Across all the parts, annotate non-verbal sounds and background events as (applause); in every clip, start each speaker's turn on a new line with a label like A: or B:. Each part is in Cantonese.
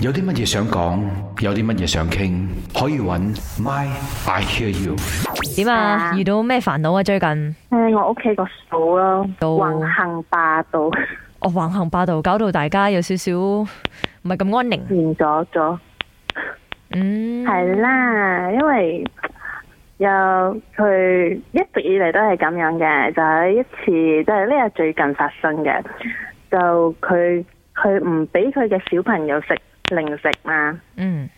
A: 有啲乜嘢想講，有啲乜嘢想傾，可以搵 My I Hear You。點啊？遇到咩煩惱啊？最近，誒，我屋企個
B: 嫂
A: 咯，橫行霸道。哦，橫行霸道，搞到大家有少少唔係
B: 咁安寧。變咗咗。嗯。係啦，因為有佢一直以嚟都係咁樣嘅，就係一次，即係呢日最近發生嘅，就佢佢唔俾佢嘅小朋友食。零食嘛，嗯，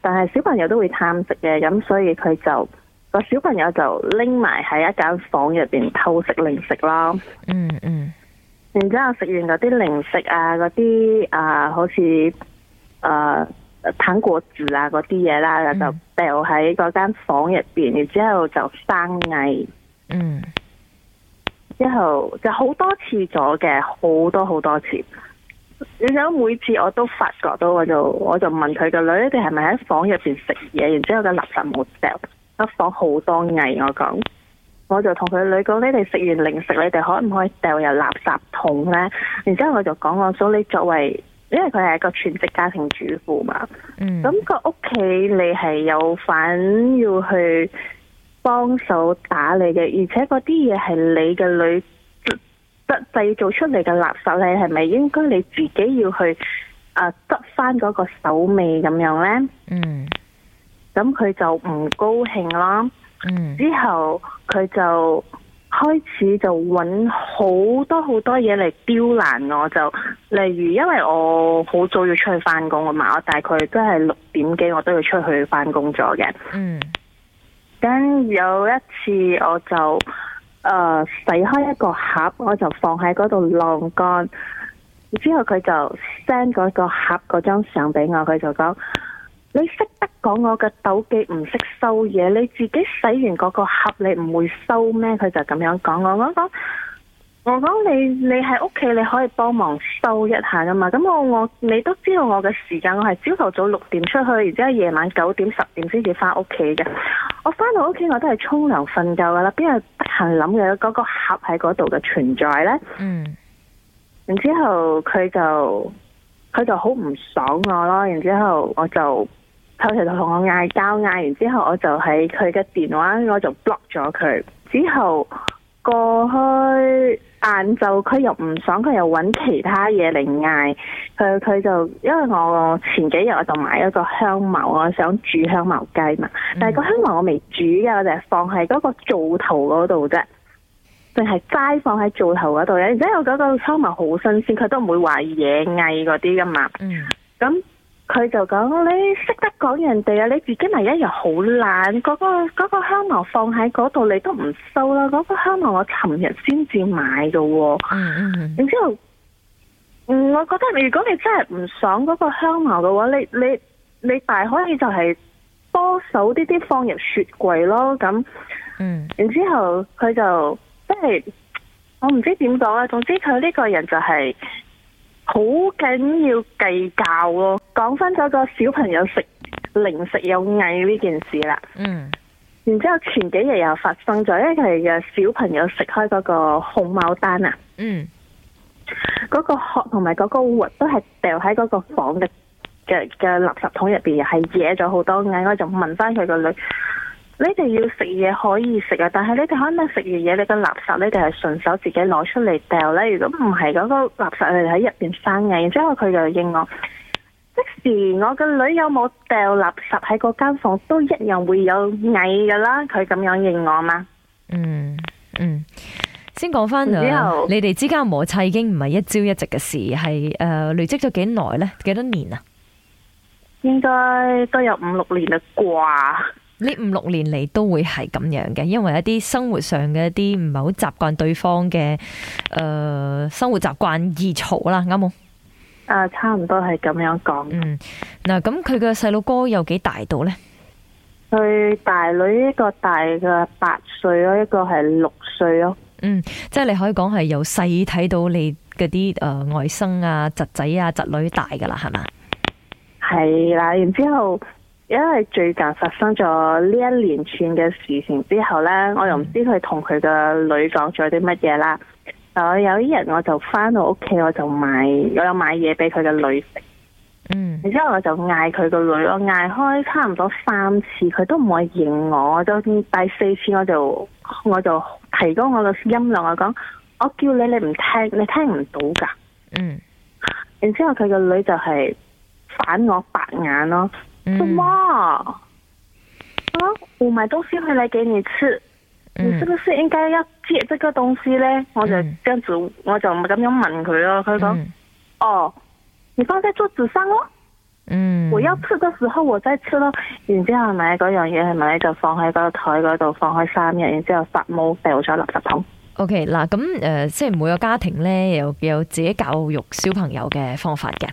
B: 但係小朋友都會貪食嘅，咁所以佢就個小朋友就拎埋喺一間房入邊偷食零食咯，嗯嗯，嗯然之後食完嗰啲零食啊，嗰啲、呃呃、啊，好似誒糖果紙啊嗰啲嘢啦，嗯、就掉喺嗰間房入邊，然之後就生蟻，嗯，之後就好多次咗嘅，好多好多次。你想每次我都發覺到，我就我就問佢個女，你哋係咪喺房入邊食嘢？然之後個垃圾冇掉，個房好多蟻。我講，我就同佢女講，你哋食完零食，你哋可唔可以掉入垃圾桶咧？然之後我就講我嫂，你作為，因為佢係一個全職家庭主婦嘛，嗯，咁個屋企你係有份要去幫手打理嘅，而且嗰啲嘢係你嘅女，得製造出嚟嘅垃圾咧，係咪應該你自己要去啊，執翻嗰個手尾咁樣咧？嗯，咁佢就唔高興啦。嗯，之後佢就開始就揾好多好多嘢嚟刁難我，就例如因為我好早要出去翻工啊嘛，我大概都係六點幾，我都要出去翻工咗嘅。嗯，跟有一次我就。誒，uh, 洗開一個盒，我就放喺嗰度晾乾。之後佢就 send 嗰個盒嗰張相俾我，佢就講：你識得講我嘅斗記唔識收嘢，你自己洗完嗰個盒，你唔會收咩？佢就咁樣講。我我講，我講你你喺屋企你可以幫忙收一下噶嘛。咁我我你都知道我嘅時間，我係朝頭早六點出去，然之後夜晚九點十點先至翻屋企嘅。我翻到屋企我都係沖涼瞓覺噶啦，邊有得閒諗嘅嗰個盒喺嗰度嘅存在呢？
C: 嗯，
B: 然之後佢就佢就好唔爽我咯，然之後我就偷偷同我嗌交，嗌完之後我就喺佢嘅電話，我就 block 咗佢。之後過去。晏晝佢又唔爽，佢又搵其他嘢嚟嗌。佢佢就，因為我前幾日我就買咗個香茅，我想煮香茅雞嘛。但係個香茅我未煮嘅，我就放喺嗰個灶頭嗰度啫，定係齋放喺灶頭嗰度咧。而且我嗰個香茅好新鮮，佢都唔會話野嗌嗰啲㗎嘛。嗯，咁。佢就講，你識得講人哋啊！你自己咪一日好懶，嗰個嗰個香茅放喺嗰度你都唔收啦。嗰個香茅我尋日先至買嘅。哦，嗯嗯。然之後，嗯，我覺得如果你真係唔爽嗰個香茅嘅話，你你你大可以就係多手啲啲放入雪櫃咯。咁，嗯。 (laughs) 然之後佢就即係我唔知點講啊。總之佢呢個人就係。好緊要計較咯，哦，講翻咗個小朋友食零食有蟻呢件事啦。嗯，然之後前幾日又發生咗因為佢嘅小朋友食開嗰個紅毛丹啊。嗯，嗰個殼同埋嗰個核都係掉喺嗰個房嘅嘅嘅垃圾桶入邊，係惹咗好多蟻。我就問翻佢個女。你哋要食嘢可以食啊，但係你哋可能食完嘢，你，垃你、那個垃圾你哋係順手自己攞出嚟掉呢。如果唔係嗰個垃圾，你喺入邊生蟻。之後佢就應我，即使我個女有冇掉垃圾喺嗰間房，都一樣會有蟻噶啦。佢咁樣應我嘛？嗯嗯，先講返，
A: 你哋之間摩擦已經唔係一朝一夕嘅事，係、呃、累積咗幾耐呢？幾多年啊？
B: 應該都有五六年啦，啩。呢五六
A: 年嚟都會係咁樣嘅，因為一啲生活上嘅一啲唔係好習慣對方嘅誒、呃、生活習慣易嘈啦，啱冇？
B: 啊，差唔多係咁樣講。嗯，
A: 嗱，咁佢嘅細佬哥有幾大到呢？
B: 佢大女一個大嘅八歲咯，一個係六歲咯。嗯，即係你可以講
A: 係由細睇到你嗰啲誒外甥啊、侄仔啊、侄女大㗎啦，係嘛？
B: 係啦，然之後。因為最近發生咗呢一連串嘅事情之後呢，我又唔知佢同佢嘅女講咗啲乜嘢啦。我、嗯、有啲人我就返到屋企，我就買，我有買嘢畀佢嘅女食。嗯，然之後我就嗌佢個女，我嗌開差唔多三次，佢都唔會認我。咁第四次我就我就提高我嘅音量，我講，我叫你，你唔聽，你聽唔到噶。嗯，然之後佢個女就係反我白眼咯。做乜、嗯、啊？我買東西回來給你吃，你是不是應該要借這個東西呢？我就跟住，我就唔咁樣問佢咯。佢講：嗯、哦，你放在桌子上咯。嗯，我要吃的時候我再吃咯。嗯、然之後咪嗰樣嘢咪就放喺嗰個台嗰度，放開三日，然之後發毛掉咗垃圾桶。
A: OK 嗱，咁誒，即係每個家庭咧，有有自己教育小朋友嘅方法嘅。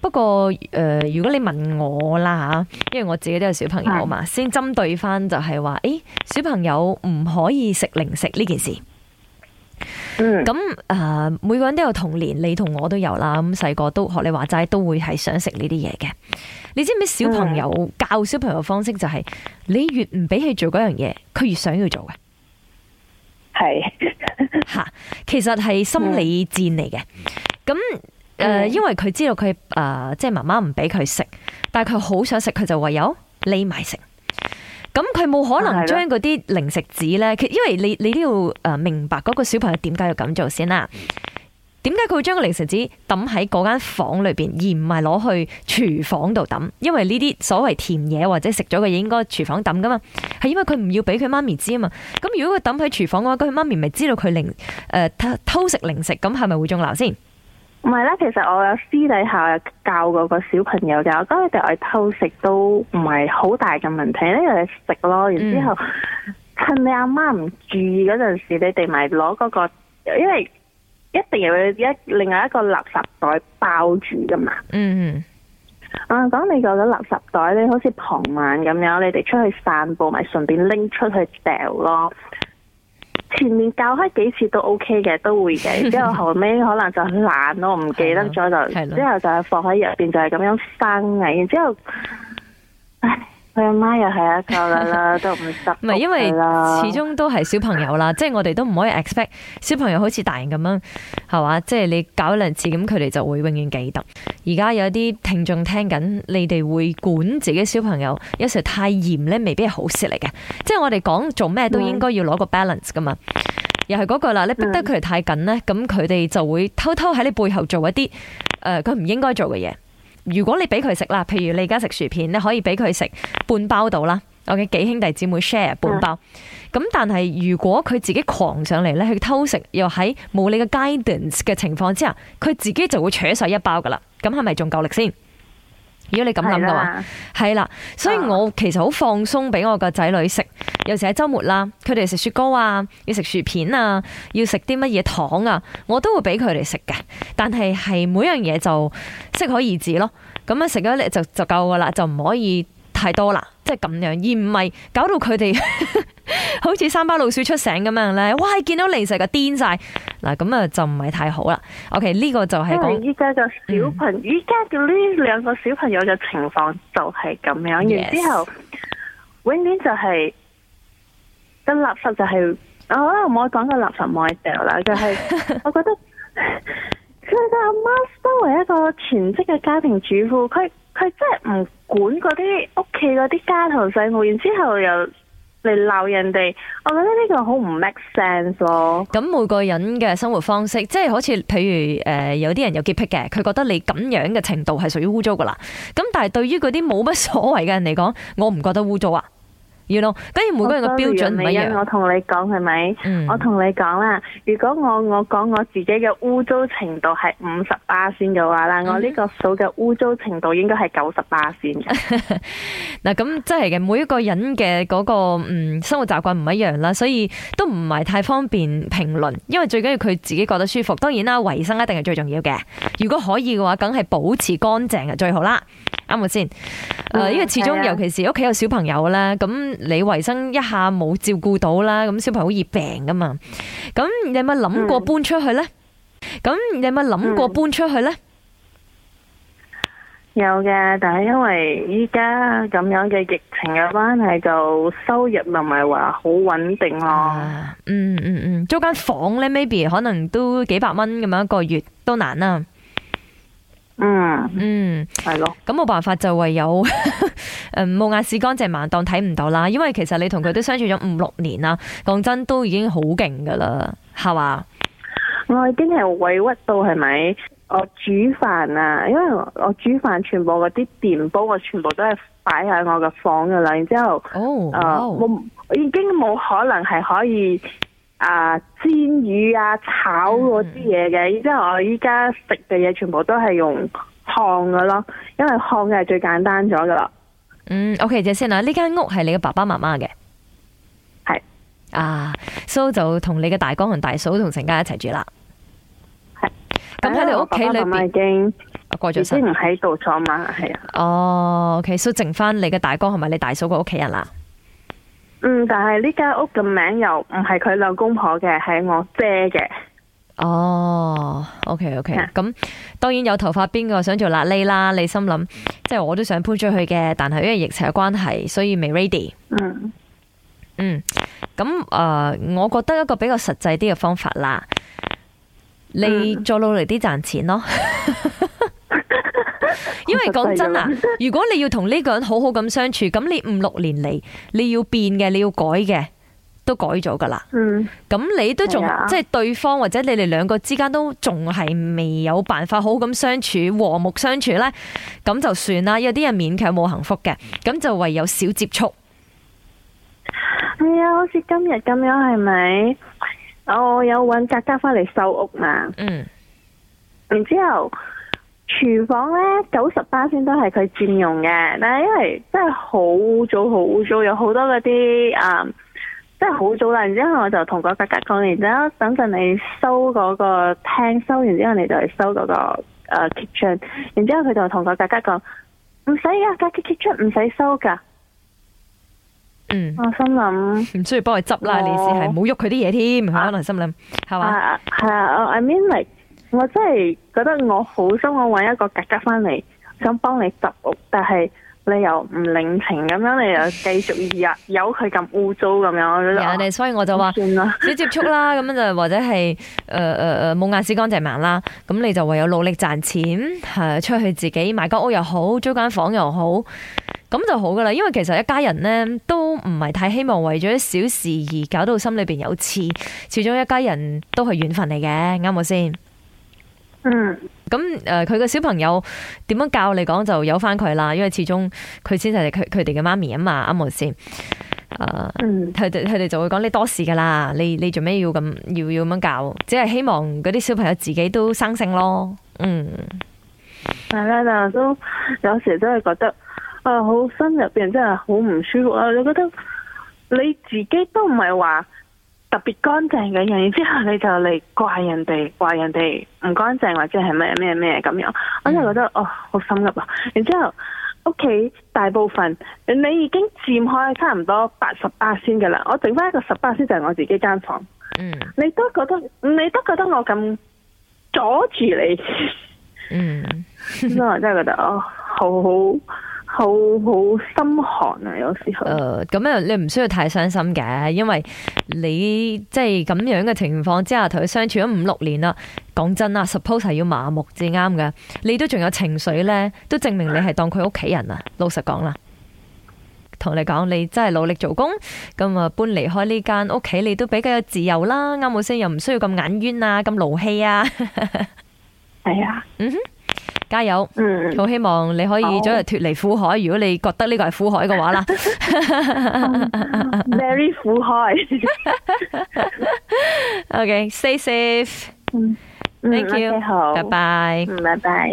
A: 不過誒、呃，如果你問我啦吓，因為我自己都有小朋友嘛，是先針對翻就係話，誒、欸，小朋友唔可以食零食呢件事。嗯。咁誒、呃，每個人都有童年，你同我有都有啦。咁細個都學你話齋，都會係想食呢啲嘢嘅。你知唔知小朋友、嗯、教小朋友方式就係、是，你越唔俾佢做嗰樣嘢，佢越想要做嘅。係吓，其實係心理戰嚟嘅。咁誒、呃，因為佢知道佢誒、呃，即係媽媽唔俾佢食，但係佢好想食，佢就唯有匿埋食。咁佢冇可能將嗰啲零食紙咧，因為你你都要誒明白嗰個小朋友點解要咁做先啦。點解佢會將個零食紙抌喺嗰間房裏邊，而唔係攞去廚房度抌？因為呢啲所謂甜嘢或者食咗嘅嘢，應該廚房抌噶嘛？係因為佢唔要俾佢媽咪知啊嘛？咁如果佢抌喺廚房嘅話，咁佢媽咪咪知道佢、呃、偷食零食，咁係咪會中流先？
B: 唔係啦，其實我有私底下教過嗰個小朋友就，咁佢哋愛偷食都唔係好大嘅問題，因為食咯，然之後趁你阿媽唔注意嗰陣時，你哋咪攞嗰個，因為。一定又要一另外一個垃圾袋包住噶嘛。嗯
C: 嗯、
B: mm。Hmm. 啊，講你講咗垃圾袋咧，好似傍晚咁樣，你哋出去散步咪順便拎出去掉咯。前面教開幾次都 OK 嘅，都會嘅。之後後尾可能就懶咯，唔 (laughs) 記得咗 (laughs) 就，之後就放喺入邊，就係、是、咁樣生嘅。然之後，唉、哎。佢阿媽又係一
A: 個啦，都唔得。唔係，因為始終都係小朋友啦， (laughs) 即係我哋都唔可以 expect 小朋友好似大人咁樣，係嘛？即係你搞一兩次，咁佢哋就會永遠記得。而家有啲聽眾聽緊，你哋會管自己小朋友，有時太嚴咧，未必係好事嚟嘅。即係我哋講做咩都應該要攞個 balance 噶嘛。Mm. 又係嗰句啦，你逼得佢哋太緊咧，咁佢哋就會偷偷喺你背後做一啲誒，佢、呃、唔應該做嘅嘢。如果你俾佢食啦，譬如你而家食薯片，你可以俾佢食半包到啦。OK，幾兄弟姊妹 share 半包。咁但係如果佢自己狂上嚟咧，去偷食又喺冇你嘅 guidance 嘅情況之下，佢自己就會扯晒一包噶啦。咁係咪仲夠力先？如果你咁諗嘅話，係啦了，所以我其實好放鬆俾我個仔女食。有時喺周末啦，佢哋食雪糕啊，要食薯片啊，要食啲乜嘢糖啊，我都會俾佢哋食嘅。但係係每樣嘢就適可而止咯。咁樣食咗咧就就夠噶啦，就唔可以太多啦，即係咁樣，而唔係搞到佢哋。好似三巴老鼠出醒咁樣咧，哇！見到零食個癲晒，嗱咁啊就唔係太好啦。O K 呢個就係講
B: 依家嘅小朋友，依家嘅呢兩個小朋友嘅情況就係咁樣，Yes. 然之後永遠就係、是、嘅垃圾就係、是哦，我可能唔可以講個垃圾冇係掉啦，就係、是、我覺得佢嘅阿媽身為一個全職嘅家庭主婦，佢佢真係唔管嗰啲屋企嗰啲家頭細務，然之後又。嚟鬧人哋，我覺得呢個好唔 make sense 咯。咁每個人嘅生活
A: 方式，即係好似譬如誒，有啲人有潔癖嘅，佢覺得你咁樣嘅程度係屬於污糟噶啦。咁但係對於嗰啲冇乜所謂嘅人嚟講，我唔覺得污糟啊。要咯，跟住每個人嘅標準唔一樣。
B: 我同你講係咪？我同你講啦，如果我我講我自己嘅污糟程度係五十八仙嘅話啦，我呢個數嘅污糟程度應該係九十八先嘅。
A: 嗱，咁即係嘅每一個人嘅嗰 (noise) (noise) (noise) 個、那個、嗯，生活習慣唔一樣啦，所以都唔係太方便評論，因為最緊要佢自己覺得舒服。當然啦，衛生一定係最重要嘅。如果可以嘅話，梗係保持乾淨嘅最好啦。啱唔啱先？誒、嗯，因為始終尤其是屋企有小朋友啦，咁、嗯、你衛生一下冇照顧到啦，咁小朋友好易病噶嘛。咁你有冇諗過搬出去
B: 呢？咁、嗯、你有冇諗過搬出去呢？嗯、有嘅，但係因為依家咁樣嘅疫情嘅關係，就收入又唔係話好穩定咯、啊啊。嗯嗯嗯，
A: 租間房咧，maybe 可能都幾百蚊咁樣一個月都難啊。嗯嗯，係咯的，咁冇辦法就唯有呵呵，誒，冇眼屎乾淨盲當睇唔到啦。因為其實你同佢都相處咗五六年啦，講真都已經好勁噶啦，係嘛？
B: 我已經係委屈到係咪？我煮飯啊，因為我煮飯全部嗰啲電煲，我全部都係擺喺我嘅房噶啦，然之後，哦、oh, wow. 呃，我我已經冇可能係可以。啊煎魚啊炒嗰啲嘢嘅，即係、嗯、我依家食嘅嘢全部都係用烘嘅咯，因為烘嘅係最簡單咗噶啦。嗯
A: ，OK，就先啦，呢間屋係你嘅爸爸媽媽嘅，係是啊，所以就同你嘅大哥同大嫂同成家一齊住啦。
B: 係咁喺你屋企你咪已經過咗身唔喺度坐嘛？係
A: 啊。哦，OK，所以剩翻你嘅大哥同埋你大嫂個屋企人啦？
B: 嗯，但係呢間屋嘅名又唔係佢兩公婆嘅，係我姐嘅。
A: 哦、oh,，OK OK，咁 Yeah. 當然有頭髮邊個想做辣喱啦？你心諗，即係我都想搬出去嘅，但係因為疫情嘅關係，所以未 ready。嗯、mm. 嗯，咁誒，uh, 我覺得一個比較實際啲嘅方法啦，你再努力啲賺錢咯。 (laughs)
C: 因為講真啊，
A: (laughs) 如果你要同呢個人好好咁相處，咁你五六年嚟，你要變嘅，你要改嘅，都改咗噶啦。嗯，咁你都仲的即係對方或者你哋兩個之間都仲係未有辦法好好咁相處和睦相處呢，咁就算啦。有啲人勉強冇幸福嘅，咁就唯有少接觸。
B: 係啊，好似今日咁樣，係咪、哦？我有搵格格翻嚟收屋嘛？嗯，
C: 然
B: 之後。廚房咧九十八先都係佢佔用嘅，但係因為真係好污糟、好污糟，有好多嗰啲啊，真係好污糟。然之後我就同個格格講，然之後等陣你收嗰個廳，收完之後你就嚟收嗰、那個誒 kitchen 然之後佢就同個格格講唔使噶，格格 kitchen 唔使收噶。嗯，我心諗
A: 唔需要幫佢執啦，我你試係唔好喐佢啲嘢添。可能、啊啊、心諗係嘛
B: 係啊，I mean like, 我真係覺得我好想我搵一個格格返嚟，想幫你執屋，但係你又唔領情咁樣，你又繼續日由佢咁污糟咁樣。我覺得。所以我就話算啦，少接觸
A: 啦。咁就或者係誒誒冇眼屎乾淨盲啦。咁你就唯有努力賺錢，出去自己買間屋又好，租間房又好，咁就好噶啦。因為其實一家人呢，都唔係太希望為咗小事而搞到心裏邊有刺，始終一家人都係緣分嚟嘅，啱唔啱先？音 rict ly 嗯，咁誒，佢 (noise) 個、嗯、小朋友點樣教你講就有翻佢啦，因為始終佢先係佢佢哋嘅媽咪啊嘛，啱唔啱先？嗯，佢哋佢哋就會講你多事噶啦，你你做咩要咁要要咁樣教？只係希望嗰
B: 啲小朋友自己都生性咯。嗯，大家但都有時都係覺得啊，好心入邊真係好唔舒服啊！你覺得你自己都唔係話。特別乾淨嘅樣，然之後你就嚟怪人哋，怪人哋唔乾淨或者係咩咩咩咁樣，我就覺得哦好心急啊！然之後屋企大部分你已經佔開差唔多八十八先嘅啦，我剩返一個十八先就係、是、我自己間房。嗯你，你都覺得你都、 (laughs) 嗯、 (laughs) 覺得我咁阻住你。嗯、哦，咁我真係覺得哦好好。好好心寒啊！有時候誒，咁樣，你唔需要太傷
A: 心嘅，因為你即係咁樣嘅情況之下，同佢相處咗五六年啦。講真啦，suppose 係要麻木至啱嘅，你都仲有情緒呢，都證明你係當佢屋企人啊。老實講啦，同你講，你真係努力做工，咁啊搬離開呢間屋企，你都比較有自由啦。啱冇先又唔需要咁眼冤啊，咁勞氣啊，係 (laughs) 啊、哎呀，嗯哼。加油！好希望你可以早日脫離苦海。如果你覺得呢個係苦海嘅話啦
B: ，very 苦海。
A: Okay，stay safe。
B: thank you，okay,
A: 好，拜拜，拜拜，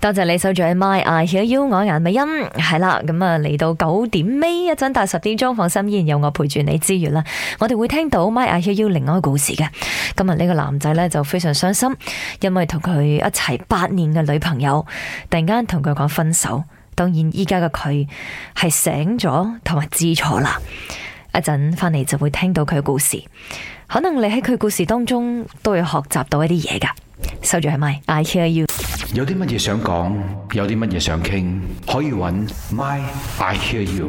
A: 多謝你收住 my I hear you 我顏美音係啦，咁啊嚟到九點尾一陣到十點鐘，放心依然有我陪住你之餘啦，我哋會聽到 my I hear you 另外個故事嘅。今日呢個男仔呢，就非常傷心，因為同佢一齊八年嘅女朋友突然間同佢講分手，當然依家嘅佢係醒咗同埋知錯啦。一陣翻嚟就會聽到佢嘅故事。可能你喺佢故事當中都有學習到一啲嘢噶，收住係咪？I hear you 有。有啲乜嘢想講，有啲乜嘢想傾，可以揾咪，I hear you。